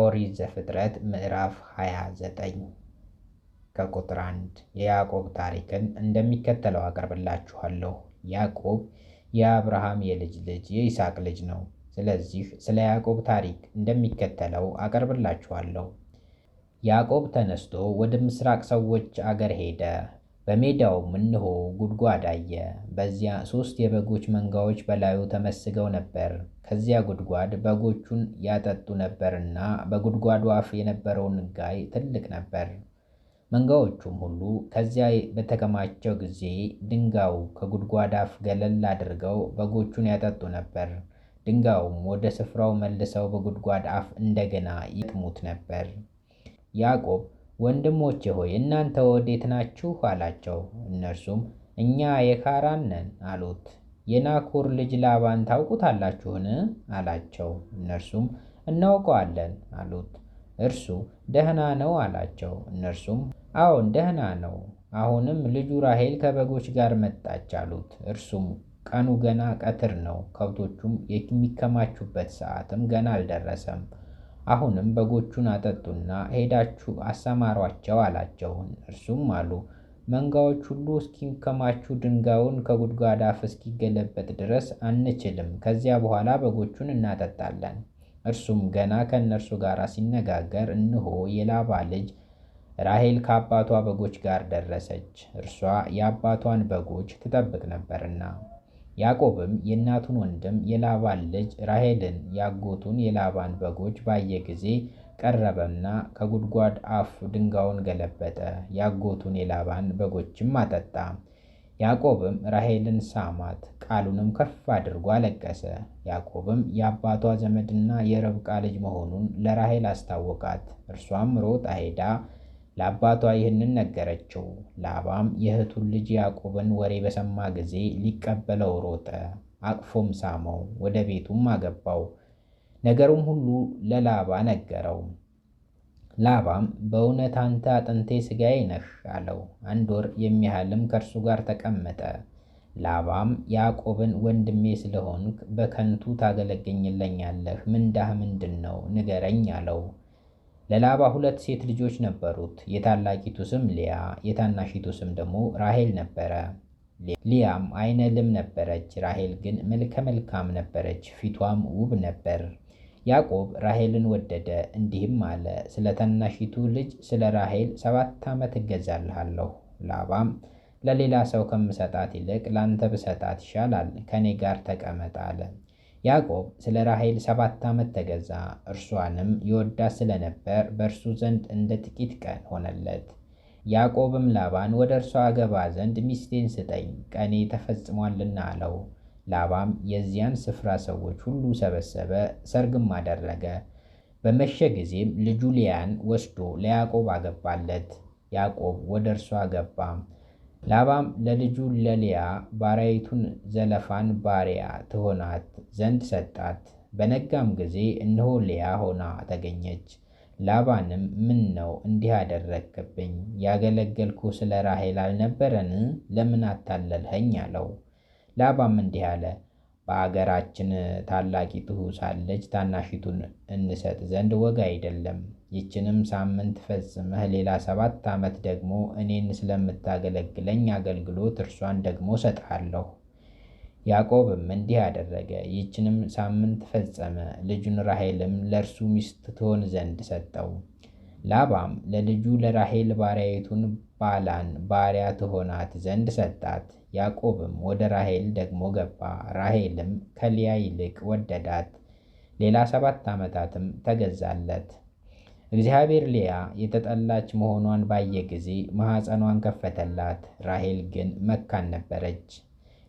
ኦሪት ዘፍጥረት ምዕራፍ 29 ከቁጥር 1 የያዕቆብ ታሪክን እንደሚከተለው አቀርብላችኋለሁ። ያዕቆብ የአብርሃም የልጅ ልጅ የይስሐቅ ልጅ ነው። ስለዚህ ስለ ያዕቆብ ታሪክ እንደሚከተለው አቀርብላችኋለሁ። ያዕቆብ ተነስቶ ወደ ምስራቅ ሰዎች አገር ሄደ። በሜዳውም እንሆ ጉድጓድ አየ። በዚያ ሦስት የበጎች መንጋዎች በላዩ ተመስገው ነበር። ከዚያ ጉድጓድ በጎቹን ያጠጡ ነበርና በጉድጓዱ አፍ የነበረውን ጋይ ትልቅ ነበር። መንጋዎቹም ሁሉ ከዚያ በተከማቸው ጊዜ ድንጋዩ ከጉድጓድ አፍ ገለል አድርገው በጎቹን ያጠጡ ነበር። ድንጋዩም ወደ ስፍራው መልሰው በጉድጓድ አፍ እንደገና ይጥሙት ነበር። ያዕቆብ ወንድሞቼ ሆይ እናንተ ወዴት ናችሁ? አላቸው። እነርሱም እኛ የካራን ነን አሉት። የናኩር ልጅ ላባን ታውቁታላችሁን? አላቸው። እነርሱም እናውቀዋለን አሉት። እርሱ ደህና ነው አላቸው። እነርሱም አዎን ደህና ነው። አሁንም ልጁ ራሄል ከበጎች ጋር መጣች አሉት። እርሱም ቀኑ ገና ቀትር ነው፣ ከብቶቹም የሚከማቹበት ሰዓትም ገና አልደረሰም። አሁንም በጎቹን አጠጡና ሄዳችሁ አሰማሯቸው አላቸው እርሱም አሉ መንጋዎች ሁሉ እስኪከማችሁ ድንጋዩን ከጉድጓድ አፍ እስኪገለበጥ ድረስ አንችልም። ከዚያ በኋላ በጎቹን እናጠጣለን። እርሱም ገና ከእነርሱ ጋር ሲነጋገር እንሆ የላባ ልጅ ራሄል ከአባቷ በጎች ጋር ደረሰች። እርሷ የአባቷን በጎች ትጠብቅ ነበርና ያዕቆብም የእናቱን ወንድም የላባን ልጅ ራሄልን ያጎቱን የላባን በጎች ባየ ጊዜ ቀረበና ከጉድጓድ አፍ ድንጋውን ገለበጠ፣ ያጎቱን የላባን በጎችም አጠጣ። ያዕቆብም ራሄልን ሳማት፣ ቃሉንም ከፍ አድርጎ አለቀሰ። ያዕቆብም የአባቷ ዘመድና የርብቃ ልጅ መሆኑን ለራሄል አስታወቃት። እርሷም ሮጣ ሄዳ ለአባቷ ይህንን ነገረችው። ላባም የእህቱን ልጅ ያዕቆብን ወሬ በሰማ ጊዜ ሊቀበለው ሮጠ፣ አቅፎም ሳመው፣ ወደ ቤቱም አገባው። ነገሩም ሁሉ ለላባ ነገረው። ላባም በእውነት አንተ አጥንቴ ሥጋዬ ነህ አለው። አንድ ወር የሚያህልም ከእርሱ ጋር ተቀመጠ። ላባም ያዕቆብን ወንድሜ ስለሆንክ በከንቱ ታገለግኝለኛለህ፣ ምንዳህ ምንድን ነው ንገረኝ አለው። ለላባ ሁለት ሴት ልጆች ነበሩት። የታላቂቱ ስም ሊያ፣ የታናሺቱ ስም ደግሞ ራሄል ነበረ። ሊያም አይነ ልም ነበረች፣ ራሄል ግን መልከ መልካም ነበረች፣ ፊቷም ውብ ነበር። ያዕቆብ ራሄልን ወደደ፣ እንዲህም አለ፣ ስለ ታናሺቱ ልጅ ስለ ራሄል ሰባት ዓመት እገዛልሃለሁ። ላባም ለሌላ ሰው ከምሰጣት ይልቅ ለአንተ ብሰጣት ይሻላል፣ ከእኔ ጋር ተቀመጥ አለ። ያዕቆብ ስለ ራሔል ሰባት ዓመት ተገዛ፣ እርሷንም ይወዳት ስለነበር በእርሱ ዘንድ እንደ ጥቂት ቀን ሆነለት። ያዕቆብም ላባን ወደ እርሷ አገባ ዘንድ ሚስቴን ስጠኝ፣ ቀኔ ተፈጽሟልና አለው። ላባም የዚያን ስፍራ ሰዎች ሁሉ ሰበሰበ፣ ሰርግም አደረገ። በመሸ ጊዜም ልጁ ሊያን ወስዶ ለያዕቆብ አገባለት። ያዕቆብ ወደ እርሷ አገባ። ላባም ለልጁ ለልያ ባሪያይቱን ዘለፋን ባሪያ ትሆናት ዘንድ ሰጣት። በነጋም ጊዜ እነሆ ልያ ሆና ተገኘች። ላባንም ምን ነው እንዲህ አደረግክብኝ? ያገለገልኩ ስለ ራሄል አልነበረን? ለምን አታለልኸኝ? አለው። ላባም እንዲህ አለ በአገራችን ታላቂቱ ሳለች ታናሺቱን እንሰጥ ዘንድ ወግ አይደለም። ይችንም ሳምንት ፈጽመህ ሌላ ሰባት ዓመት ደግሞ እኔን ስለምታገለግለኝ አገልግሎት እርሷን ደግሞ እሰጥሃለሁ። ያዕቆብም እንዲህ አደረገ። ይችንም ሳምንት ፈጸመ። ልጁን ራሔልም ለእርሱ ሚስት ትሆን ዘንድ ሰጠው። ላባም ለልጁ ለራሔል ባሪያይቱን ባላን ባሪያ ትሆናት ዘንድ ሰጣት። ያዕቆብም ወደ ራሔል ደግሞ ገባ፣ ራሔልም ከሊያ ይልቅ ወደዳት። ሌላ ሰባት ዓመታትም ተገዛለት። እግዚአብሔር ሊያ የተጠላች መሆኗን ባየ ጊዜ ማኅፀኗን ከፈተላት። ራሔል ግን መካን ነበረች።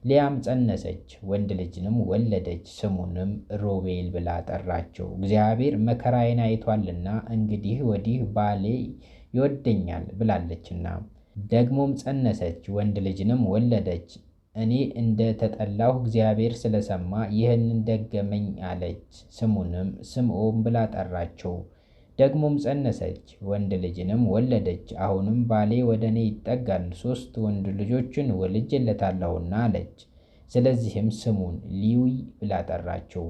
ሊያም ጸነሰች፣ ወንድ ልጅንም ወለደች። ስሙንም ሮቤል ብላ ጠራችው። እግዚአብሔር መከራዬን አይቷልና እንግዲህ ወዲህ ባሌ ይወደኛል ብላለችና። ደግሞም ጸነሰች፣ ወንድ ልጅንም ወለደች። እኔ እንደ ተጠላሁ እግዚአብሔር ስለሰማ ይህንን ደገመኝ አለች። ስሙንም ስምዖን ብላ ጠራችው። ደግሞም ጸነሰች፣ ወንድ ልጅንም ወለደች። አሁንም ባሌ ወደ እኔ ይጠጋል፣ ሦስት ወንድ ልጆችን ወልጄለታለሁና አለች። ስለዚህም ስሙን ሊዊ ብላ ጠራችው።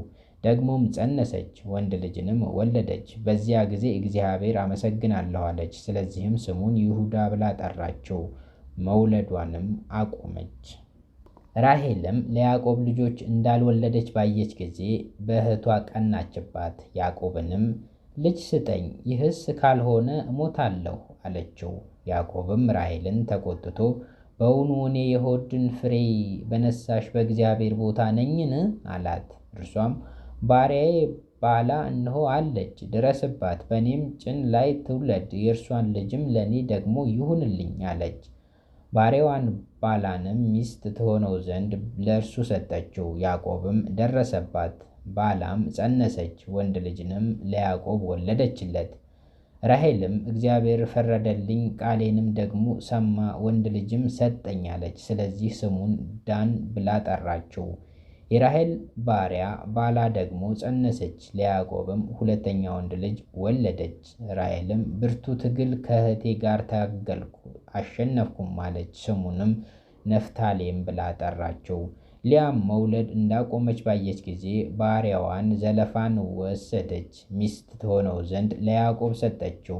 ደግሞም ጸነሰች ወንድ ልጅንም ወለደች። በዚያ ጊዜ እግዚአብሔር አመሰግናለሁ አለች። ስለዚህም ስሙን ይሁዳ ብላ ጠራችው። መውለዷንም አቆመች። ራሄልም ለያዕቆብ ልጆች እንዳልወለደች ባየች ጊዜ በእህቷ ቀናችባት። ያዕቆብንም ልጅ ስጠኝ፣ ይህስ ካልሆነ እሞታለሁ አለችው። ያዕቆብም ራሄልን ተቆጥቶ በውኑ እኔ የሆድን ፍሬ በነሳሽ በእግዚአብሔር ቦታ ነኝን? አላት። እርሷም ባሪያዬ ባላ እነሆ አለች፣ ድረስባት፣ በእኔም ጭን ላይ ትውለድ፣ የእርሷን ልጅም ለእኔ ደግሞ ይሁንልኝ አለች። ባሪያዋን ባላንም ሚስት ትሆነው ዘንድ ለእርሱ ሰጠችው። ያዕቆብም ደረሰባት፣ ባላም ጸነሰች፣ ወንድ ልጅንም ለያዕቆብ ወለደችለት። ራሄልም እግዚአብሔር ፈረደልኝ፣ ቃሌንም ደግሞ ሰማ፣ ወንድ ልጅም ሰጠኝ አለች። ስለዚህ ስሙን ዳን ብላ ጠራችው። የራሄል ባሪያ ባላ ደግሞ ጸነሰች፣ ለያዕቆብም ሁለተኛ ወንድ ልጅ ወለደች። ራሄልም ብርቱ ትግል ከእህቴ ጋር ታገልኩ፣ አሸነፍኩም አለች። ስሙንም ነፍታሌም ብላ ጠራችው። ሊያም መውለድ እንዳቆመች ባየች ጊዜ ባሪያዋን ዘለፋን ወሰደች፣ ሚስት ትሆነው ዘንድ ለያዕቆብ ሰጠችው።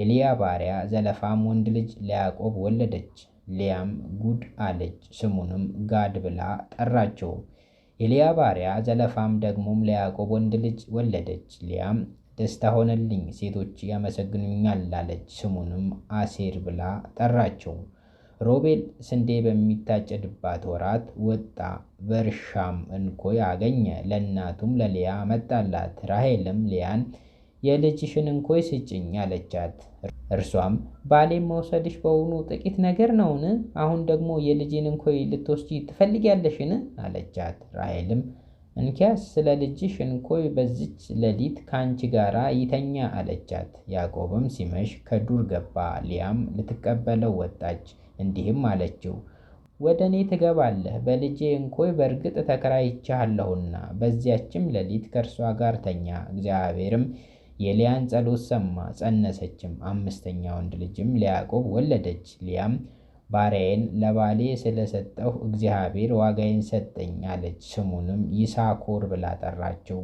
የሊያ ባሪያ ዘለፋም ወንድ ልጅ ለያዕቆብ ወለደች። ሊያም ጉድ አለች፣ ስሙንም ጋድ ብላ ጠራችው። የሊያ ባሪያ ዘለፋም ደግሞም ለያዕቆብ ወንድ ልጅ ወለደች። ሊያም ደስታ ሆነልኝ፣ ሴቶች ያመሰግኑኛል አለች። ስሙንም አሴር ብላ ጠራቸው። ሮቤል ስንዴ በሚታጨድባት ወራት ወጣ፣ በእርሻም እንኮይ አገኘ። ለእናቱም ለሊያ መጣላት። ራሄልም ሊያን የልጅሽን እንኮይ ስጭኝ አለቻት። እርሷም ባሌ መውሰድሽ በውኑ ጥቂት ነገር ነውን? አሁን ደግሞ የልጅን እንኮይ ልትወስጂ ትፈልጊያለሽን? አለቻት። ራሄልም እንኪያስ ስለ ልጅሽ እንኮይ በዚች ሌሊት ከአንቺ ጋራ ይተኛ አለቻት። ያዕቆብም ሲመሽ ከዱር ገባ። ሊያም ልትቀበለው ወጣች፣ እንዲህም አለችው ወደ እኔ ትገባለህ፣ በልጄ እንኮይ በእርግጥ ተከራይቻለሁና፣ በዚያችም ሌሊት ከእርሷ ጋር ተኛ። እግዚአብሔርም የሊያን ጸሎት ሰማ፣ ጸነሰችም፣ አምስተኛ ወንድ ልጅም ለያዕቆብ ወለደች። ሊያም ባሪያዬን ለባሌ ስለሰጠሁ እግዚአብሔር ዋጋዬን ሰጠኝ አለች። ስሙንም ይሳኮር ብላ ጠራችው።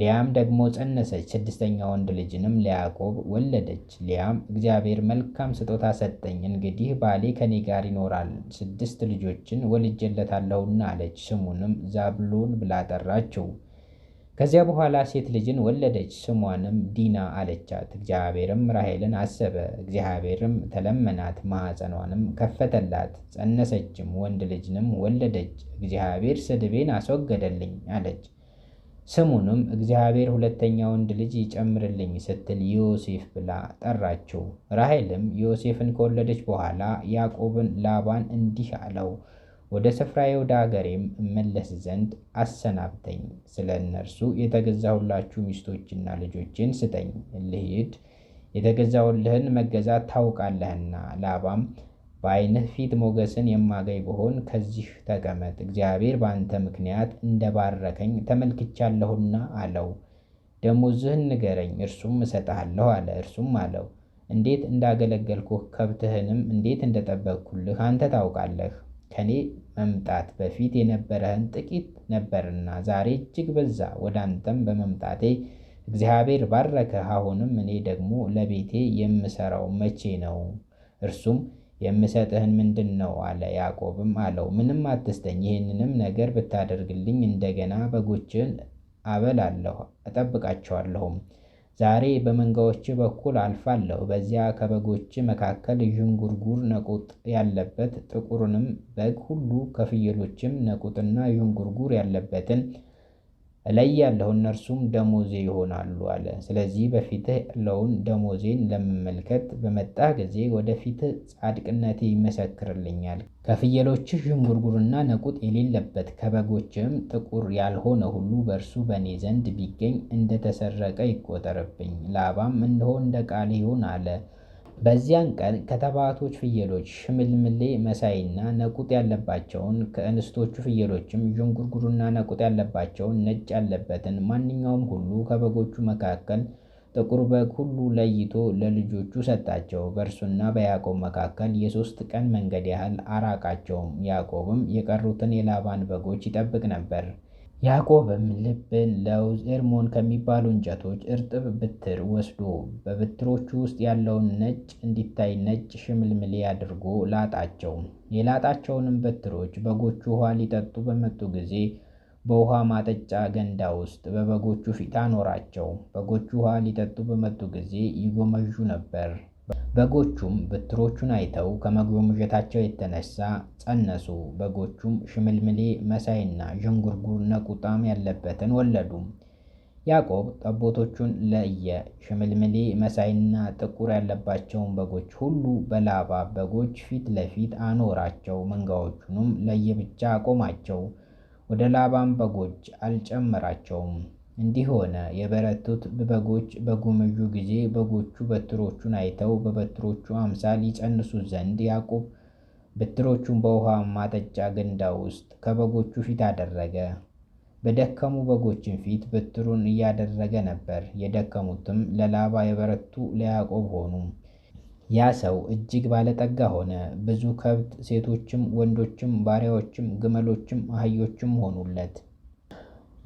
ሊያም ደግሞ ጸነሰች፣ ስድስተኛ ወንድ ልጅንም ለያዕቆብ ወለደች። ሊያም እግዚአብሔር መልካም ስጦታ ሰጠኝ፣ እንግዲህ ባሌ ከኔ ጋር ይኖራል፣ ስድስት ልጆችን ወልጄለታለሁና አለች። ስሙንም ዛብሎን ብላ ጠራችው። ከዚያ በኋላ ሴት ልጅን ወለደች፣ ስሟንም ዲና አለቻት። እግዚአብሔርም ራሄልን አሰበ፣ እግዚአብሔርም ተለመናት፣ ማኅፀኗንም ከፈተላት፣ ጸነሰችም፣ ወንድ ልጅንም ወለደች። እግዚአብሔር ስድቤን አስወገደልኝ አለች። ስሙንም እግዚአብሔር ሁለተኛ ወንድ ልጅ ይጨምርልኝ ስትል ዮሴፍ ብላ ጠራችው። ራሄልም ዮሴፍን ከወለደች በኋላ ያዕቆብን ላባን እንዲህ አለው ወደ ስፍራዬ ወደ አገሬም እመለስ ዘንድ አሰናብተኝ። ስለ እነርሱ የተገዛሁላችሁ ሚስቶችና ልጆችን ስጠኝ፣ ልሂድ፣ የተገዛሁልህን መገዛት ታውቃለህና። ላባም በዓይንህ ፊት ሞገስን የማገኝ ብሆን ከዚህ ተቀመጥ፣ እግዚአብሔር በአንተ ምክንያት እንደባረከኝ ተመልክቻለሁና አለው። ደሞዝህን ንገረኝ፣ እርሱም እሰጥሃለሁ አለ። እርሱም አለው፣ እንዴት እንዳገለገልኩህ ከብትህንም እንዴት እንደጠበቅኩልህ አንተ ታውቃለህ። ከኔ መምጣት በፊት የነበረህን ጥቂት ነበርና ዛሬ እጅግ በዛ። ወደ አንተም በመምጣቴ እግዚአብሔር ባረከህ። አሁንም እኔ ደግሞ ለቤቴ የምሰራው መቼ ነው? እርሱም የምሰጥህን ምንድን ነው አለ። ያዕቆብም አለው ምንም አትስተኝ፣ ይህንንም ነገር ብታደርግልኝ እንደገና በጎችን አበላለሁ፣ እጠብቃቸዋለሁም ዛሬ በመንጋዎች በኩል አልፋለሁ። በዚያ ከበጎች መካከል ዥንጉርጉር ነቁጥ ያለበት ጥቁርንም በግ ሁሉ ከፍየሎችም ነቁጥና ዥንጉርጉር ያለበትን ላይ ያለውን እነርሱም ደሞዜ ይሆናሉ አለ። ስለዚህ በፊትህ ያለውን ደሞዜን ለመመልከት በመጣ ጊዜ ወደፊትህ ጻድቅነቴ ይመሰክርልኛል። ከፍየሎችህ ዥንጉርጉርና ነቁጥ የሌለበት ከበጎችም ጥቁር ያልሆነ ሁሉ በእርሱ በእኔ ዘንድ ቢገኝ እንደተሰረቀ ይቆጠርብኝ። ላባም እንደሆን እንደ ቃል ይሁን አለ። በዚያን ቀን ከተባቶች ፍየሎች ሽምልምሌ መሳይና ነቁጥ ያለባቸውን ከእንስቶቹ ፍየሎችም ዥንጉርጉሩና ነቁጥ ያለባቸውን ነጭ ያለበትን ማንኛውም ሁሉ ከበጎቹ መካከል ጥቁር በግ ሁሉ ለይቶ ለልጆቹ ሰጣቸው። በእርሱና በያዕቆብ መካከል የሦስት ቀን መንገድ ያህል አራቃቸውም። ያዕቆብም የቀሩትን የላባን በጎች ይጠብቅ ነበር። ያዕቆብም ልብን፣ ለውዝ፣ ኤርሞን ከሚባሉ እንጨቶች እርጥብ ብትር ወስዶ በብትሮቹ ውስጥ ያለውን ነጭ እንዲታይ ነጭ ሽምልምሌ አድርጎ ላጣቸው። የላጣቸውንም በትሮች በጎቹ ውኃ ሊጠጡ በመጡ ጊዜ በውኃ ማጠጫ ገንዳ ውስጥ በበጎቹ ፊት አኖራቸው። በጎቹ ውኃ ሊጠጡ በመጡ ጊዜ ይጎመዡ ነበር። በጎቹም በትሮቹን አይተው ከመጎምጀታቸው የተነሳ ጸነሱ። በጎቹም ሽምልምሌ መሳይና ዥንጉርጉር ነቁጣም ያለበትን ወለዱ። ያዕቆብ ጠቦቶቹን ለየ። ሽምልምሌ መሳይና ጥቁር ያለባቸውን በጎች ሁሉ በላባ በጎች ፊት ለፊት አኖራቸው። መንጋዎቹንም ለየብቻ አቆማቸው። ወደ ላባም በጎች አልጨመራቸውም። እንዲህ ሆነ። የበረቱት በጎች በጎመጁ ጊዜ በጎቹ በትሮቹን አይተው በበትሮቹ አምሳል ይፀንሱት ዘንድ ያዕቆብ በትሮቹን በውሃ ማጠጫ ገንዳ ውስጥ ከበጎቹ ፊት አደረገ። በደከሙ በጎችን ፊት በትሩን እያደረገ ነበር። የደከሙትም ለላባ የበረቱ ለያዕቆብ ሆኑ። ያ ሰው እጅግ ባለጠጋ ሆነ። ብዙ ከብት፣ ሴቶችም፣ ወንዶችም፣ ባሪያዎችም፣ ግመሎችም አህዮችም ሆኑለት።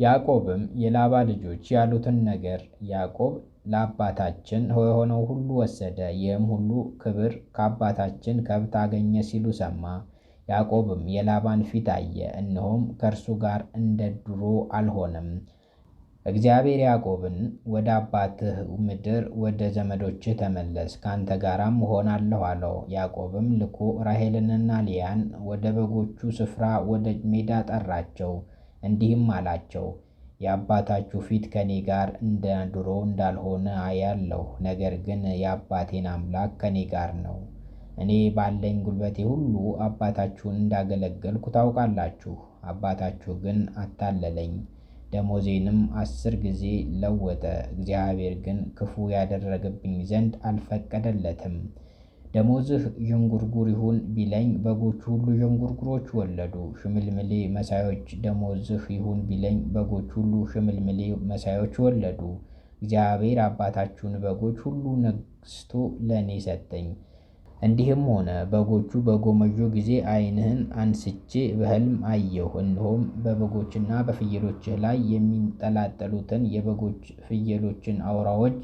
ያዕቆብም የላባ ልጆች ያሉትን ነገር ያዕቆብ ለአባታችን የሆነው ሁሉ ወሰደ፣ ይህም ሁሉ ክብር ከአባታችን ከብት አገኘ ሲሉ ሰማ። ያዕቆብም የላባን ፊት አየ፣ እነሆም ከእርሱ ጋር እንደ ድሮ አልሆነም። እግዚአብሔር ያዕቆብን ወደ አባትህ ምድር ወደ ዘመዶችህ ተመለስ፣ ከአንተ ጋራም እሆናለሁ አለው። ያዕቆብም ልኮ ራሄልንና ሊያን ወደ በጎቹ ስፍራ ወደ ሜዳ ጠራቸው። እንዲህም አላቸው የአባታችሁ ፊት ከእኔ ጋር እንደ ድሮ እንዳልሆነ አያለሁ። ነገር ግን የአባቴን አምላክ ከእኔ ጋር ነው። እኔ ባለኝ ጉልበቴ ሁሉ አባታችሁን እንዳገለገልኩ ታውቃላችሁ። አባታችሁ ግን አታለለኝ፣ ደሞዜንም አስር ጊዜ ለወጠ። እግዚአብሔር ግን ክፉ ያደረገብኝ ዘንድ አልፈቀደለትም። ደሞዝህ ዥንጉርጉር ይሁን ቢለኝ በጎቹ ሁሉ ዥንጉርጉሮች ወለዱ። ሽምልምሌ መሳዮች ደሞዝህ ይሁን ቢለኝ በጎች ሁሉ ሽምልምሌ መሳዮች ወለዱ። እግዚአብሔር አባታችሁን በጎች ሁሉ ነግስቶ ለእኔ ሰጠኝ። እንዲህም ሆነ በጎቹ በጎመዦ ጊዜ ዓይንህን አንስቼ በሕልም አየሁ። እንዲሁም በበጎችና በፍየሎችህ ላይ የሚንጠላጠሉትን የበጎች ፍየሎችን አውራዎች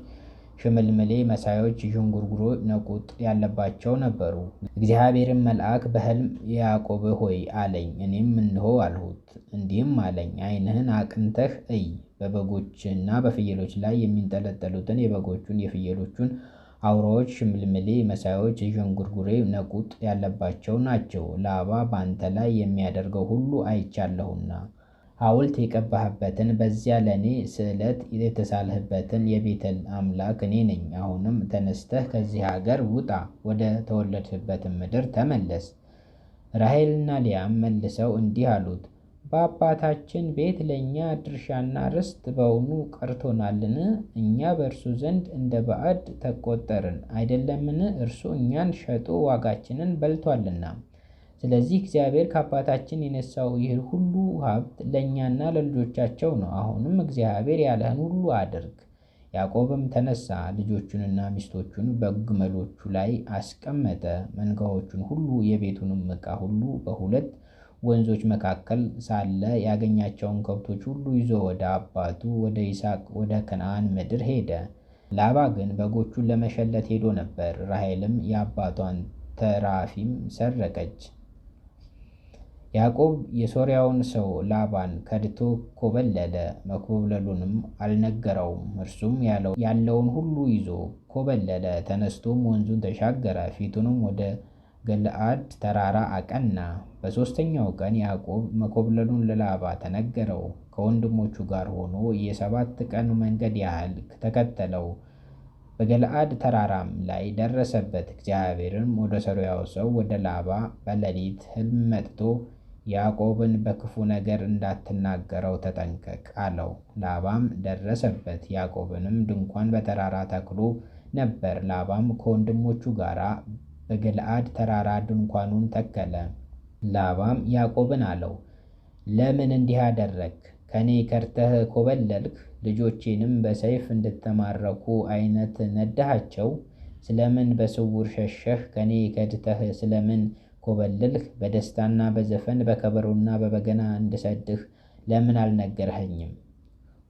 ሽምልምሌ መሳዮች ዥንጉርጉሮ ነቁጥ ያለባቸው ነበሩ። እግዚአብሔርን መልአክ በሕልም ያዕቆብ ሆይ አለኝ። እኔም እንሆ አልሁት። እንዲህም አለኝ ዓይንህን አቅንተህ እይ፣ በበጎችና በፍየሎች ላይ የሚንጠለጠሉትን የበጎቹን የፍየሎቹን አውራዎች ሽምልምሌ መሳዮች ዥንጉርጉሬ ነቁጥ ያለባቸው ናቸው። ላባ በአንተ ላይ የሚያደርገው ሁሉ አይቻለሁና ሐውልት የቀባህበትን በዚያ ለእኔ ስዕለት የተሳልህበትን የቤተል አምላክ እኔ ነኝ። አሁንም ተነስተህ ከዚህ ሀገር ውጣ፣ ወደ ተወለድህበትን ምድር ተመለስ። ራሄልና ሊያም መልሰው እንዲህ አሉት፣ በአባታችን ቤት ለእኛ ድርሻና ርስት በውኑ ቀርቶናልን? እኛ በእርሱ ዘንድ እንደ ባዕድ ተቆጠርን አይደለምን? እርሱ እኛን ሸጦ ዋጋችንን በልቷልና ስለዚህ እግዚአብሔር ከአባታችን የነሳው ይህ ሁሉ ሀብት ለእኛና ለልጆቻቸው ነው። አሁንም እግዚአብሔር ያለህን ሁሉ አድርግ። ያዕቆብም ተነሳ፣ ልጆቹንና ሚስቶቹን በግመሎቹ ላይ አስቀመጠ። መንጋዎቹን ሁሉ የቤቱንም ዕቃ ሁሉ በሁለት ወንዞች መካከል ሳለ ያገኛቸውን ከብቶች ሁሉ ይዞ ወደ አባቱ ወደ ይስሐቅ ወደ ከነዓን ምድር ሄደ። ላባ ግን በጎቹን ለመሸለት ሄዶ ነበር። ራሄልም የአባቷን ተራፊም ሰረቀች። ያዕቆብ የሶርያውን ሰው ላባን ከድቶ ኮበለለ፣ መኮብለሉንም አልነገረውም። እርሱም ያለውን ሁሉ ይዞ ኮበለለ። ተነስቶም ወንዙን ተሻገረ፣ ፊቱንም ወደ ገለአድ ተራራ አቀና። በሦስተኛው ቀን ያዕቆብ መኮብለሉን ለላባ ተነገረው። ከወንድሞቹ ጋር ሆኖ የሰባት ቀን መንገድ ያህል ተከተለው። በገለአድ ተራራም ላይ ደረሰበት። እግዚአብሔርም ወደ ሶርያው ሰው ወደ ላባ በሌሊት ሕልም መጥቶ ያዕቆብን በክፉ ነገር እንዳትናገረው ተጠንቀቅ አለው። ላባም ደረሰበት። ያዕቆብንም ድንኳን በተራራ ተክሎ ነበር። ላባም ከወንድሞቹ ጋር በገልአድ ተራራ ድንኳኑን ተከለ። ላባም ያዕቆብን አለው፣ ለምን እንዲህ አደረግ? ከኔ ከርተህ ኮበለልክ፣ ልጆቼንም በሰይፍ እንድተማረኩ አይነት ነዳሃቸው። ስለምን በስውር ሸሸህ? ከእኔ ከድተህ ስለምን ኮበልልህ በደስታና በዘፈን በከበሮና በበገና እንድሰድህ ለምን አልነገርኸኝም?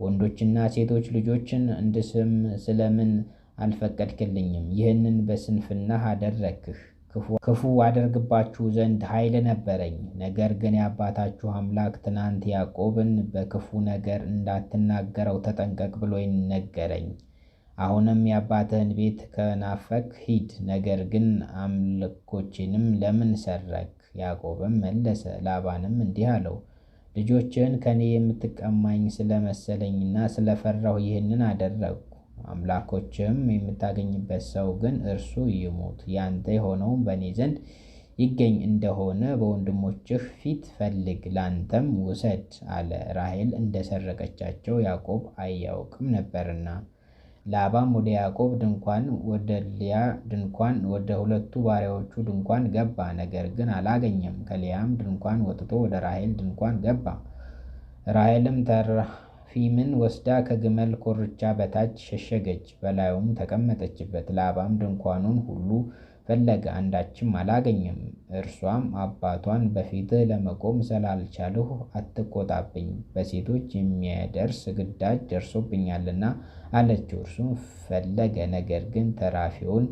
ወንዶችና ሴቶች ልጆችን እንድስም ስለምን አልፈቀድክልኝም? ይህንን በስንፍናህ አደረግህ። ክፉ አደርግባችሁ ዘንድ ኃይል ነበረኝ። ነገር ግን የአባታችሁ አምላክ ትናንት ያዕቆብን በክፉ ነገር እንዳትናገረው ተጠንቀቅ ብሎ ይነገረኝ። አሁንም የአባትህን ቤት ከናፈክ ሂድ፣ ነገር ግን አምልኮችንም ለምን ሰረክ? ያዕቆብም መለሰ፣ ላባንም እንዲህ አለው፣ ልጆችህን ከእኔ የምትቀማኝ ስለመሰለኝና ስለፈራሁ ይህንን አደረግኩ። አምላኮችም የምታገኝበት ሰው ግን እርሱ ይሙት፣ ያንተ የሆነውም በእኔ ዘንድ ይገኝ እንደሆነ በወንድሞችህ ፊት ፈልግ፣ ላንተም ውሰድ አለ። ራሄል እንደሰረቀቻቸው ያዕቆብ አያውቅም ነበርና። ላባም ወደ ያዕቆብ ድንኳን ወደ ልያ ድንኳን ወደ ሁለቱ ባሪያዎቹ ድንኳን ገባ፣ ነገር ግን አላገኘም። ከልያም ድንኳን ወጥቶ ወደ ራሔል ድንኳን ገባ። ራሔልም ተራፊምን ወስዳ ከግመል ኮርቻ በታች ሸሸገች፣ በላዩም ተቀመጠችበት። ላባም ድንኳኑን ሁሉ ፈለገ፣ አንዳችም አላገኘም። እርሷም አባቷን በፊትህ ለመቆም ስላልቻልሁ አትቆጣብኝ፣ በሴቶች የሚያደርስ ግዳጅ ደርሶብኛልና አለችው። እርሱም ፈለገ፣ ነገር ግን ተራፊውን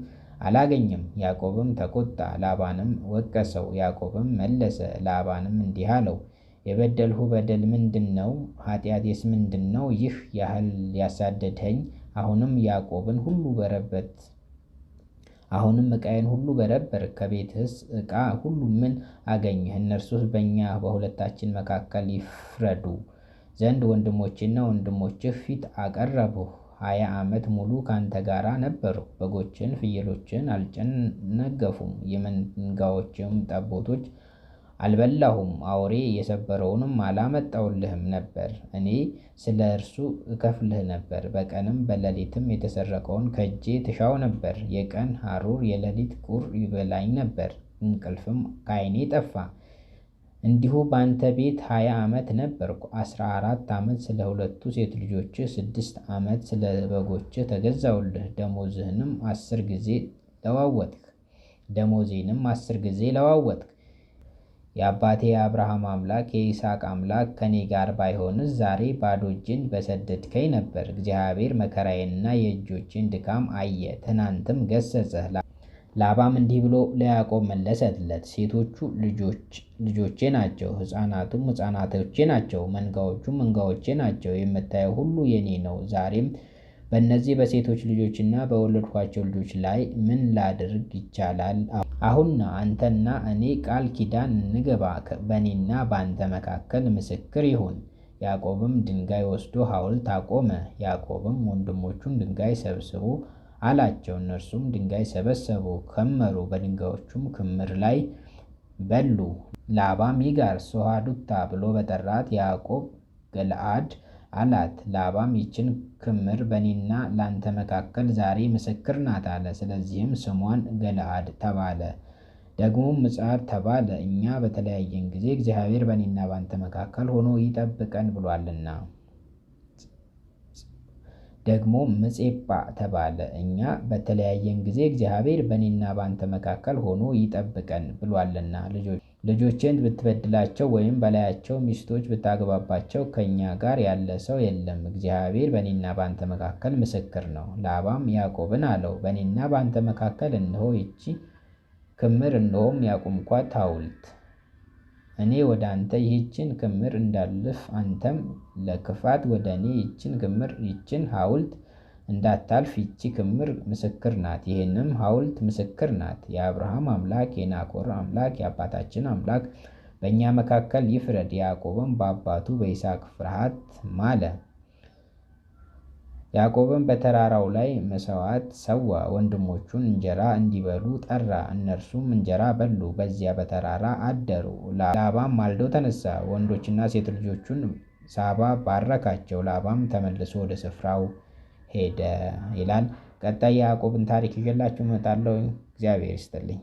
አላገኘም። ያዕቆብም ተቆጣ፣ ላባንም ወቀሰው። ያዕቆብም መለሰ፣ ላባንም እንዲህ አለው የበደልሁ በደል ምንድን ነው? ኃጢአቴስ ምንድን ነው? ይህ ያህል ያሳደድኸኝ። አሁንም ያዕቆብን ሁሉ በረበት አሁንም ዕቃዬን ሁሉ በረበር ከቤትህስ ዕቃ ሁሉ ምን አገኘህ? እነርሱስ በእኛ በሁለታችን መካከል ይፍረዱ ዘንድ ወንድሞችና ወንድሞችህ ፊት አቀረቡህ። ሀያ ዓመት ሙሉ ካንተ ጋር ነበሩ። በጎችን ፍየሎችን አልጨነገፉም፣ የመንጋዎችም ጠቦቶች አልበላሁም አውሬ የሰበረውንም አላመጣውልህም ነበር። እኔ ስለ እርሱ እከፍልህ ነበር። በቀንም በሌሊትም የተሰረቀውን ከእጄ ትሻው ነበር። የቀን ሐሩር የሌሊት ቁር ይበላኝ ነበር፣ እንቅልፍም ከዓይኔ ጠፋ። እንዲሁ በአንተ ቤት ሀያ ዓመት ነበርኩ። አስራ አራት ዓመት ስለ ሁለቱ ሴት ልጆችህ፣ ስድስት ዓመት ስለ በጎችህ ተገዛውልህ። ደሞዝህንም አስር ጊዜ ለዋወጥክ፣ ደሞዜንም አስር ጊዜ ለዋወጥክ። የአባቴ የአብርሃም አምላክ የይስሐቅ አምላክ ከኔ ጋር ባይሆንስ ዛሬ ባዶ እጅን በሰደድከኝ ነበር። እግዚአብሔር መከራዬንና የእጆችን ድካም አየ፣ ትናንትም ገሰጸህ። ላባም እንዲህ ብሎ ለያዕቆብ መለሰለት፣ ሴቶቹ ልጆቼ ናቸው፣ ሕፃናቱም ሕፃናቶቼ ናቸው፣ መንጋዎቹም መንጋዎቼ ናቸው። የምታየው ሁሉ የኔ ነው። ዛሬም በእነዚህ በሴቶች ልጆችና በወለድኳቸው ልጆች ላይ ምን ላድርግ ይቻላል? አሁንና አንተና እኔ ቃል ኪዳን እንገባ፣ በእኔና በአንተ መካከል ምስክር ይሁን። ያዕቆብም ድንጋይ ወስዶ ሐውልት አቆመ። ያዕቆብም ወንድሞቹን ድንጋይ ሰብስቡ አላቸው። እነርሱም ድንጋይ ሰበሰቡ፣ ከመሩ፣ በድንጋዮቹም ክምር ላይ በሉ። ላባም ይጋር ሶሃዱታ ብሎ በጠራት ያዕቆብ ገልአድ ። አላት። ላባም ይችን ክምር በእኔና ላንተ መካከል ዛሬ ምስክር ናት አለ። ስለዚህም ስሟን ገለአድ ተባለ። ደግሞም ምጽሐር ተባለ። እኛ በተለያየን ጊዜ እግዚአብሔር በእኔና ባንተ መካከል ሆኖ ይጠብቀን ብሏልና። ደግሞ ምጼጳ ተባለ። እኛ በተለያየን ጊዜ እግዚአብሔር በእኔና ባንተ መካከል ሆኖ ይጠብቀን ብሏልና ልጆች ልጆቼን ብትበድላቸው ወይም በላያቸው ሚስቶች ብታገባባቸው ከእኛ ጋር ያለ ሰው የለም። እግዚአብሔር በእኔና በአንተ መካከል ምስክር ነው። ላባም ያዕቆብን አለው፣ በእኔና በአንተ መካከል እንሆ ይቺ ክምር እንሆም ያቁምኳት ሐውልት እኔ ወደ አንተ ይህችን ክምር እንዳልፍ አንተም ለክፋት ወደ እኔ ይችን ክምር ይችን ሐውልት እንዳታልፍ ይቺ ክምር ምስክር ናት። ይህንም ሐውልት ምስክር ናት። የአብርሃም አምላክ የናኮር አምላክ የአባታችን አምላክ በእኛ መካከል ይፍረድ። ያዕቆብም በአባቱ በይስሐቅ ፍርሃት ማለ። ያዕቆብም በተራራው ላይ መሰዋት ሰዋ። ወንድሞቹን እንጀራ እንዲበሉ ጠራ። እነርሱም እንጀራ በሉ፣ በዚያ በተራራ አደሩ። ላባም ማልዶ ተነሳ፣ ወንዶችና ሴት ልጆቹን ሳባ ባረካቸው። ላባም ተመልሶ ወደ ስፍራው ሄደ ይላል። ቀጣይ የያዕቆብን ታሪክ ይዤላችሁ እመጣለሁ። እግዚአብሔር ይስጥልኝ።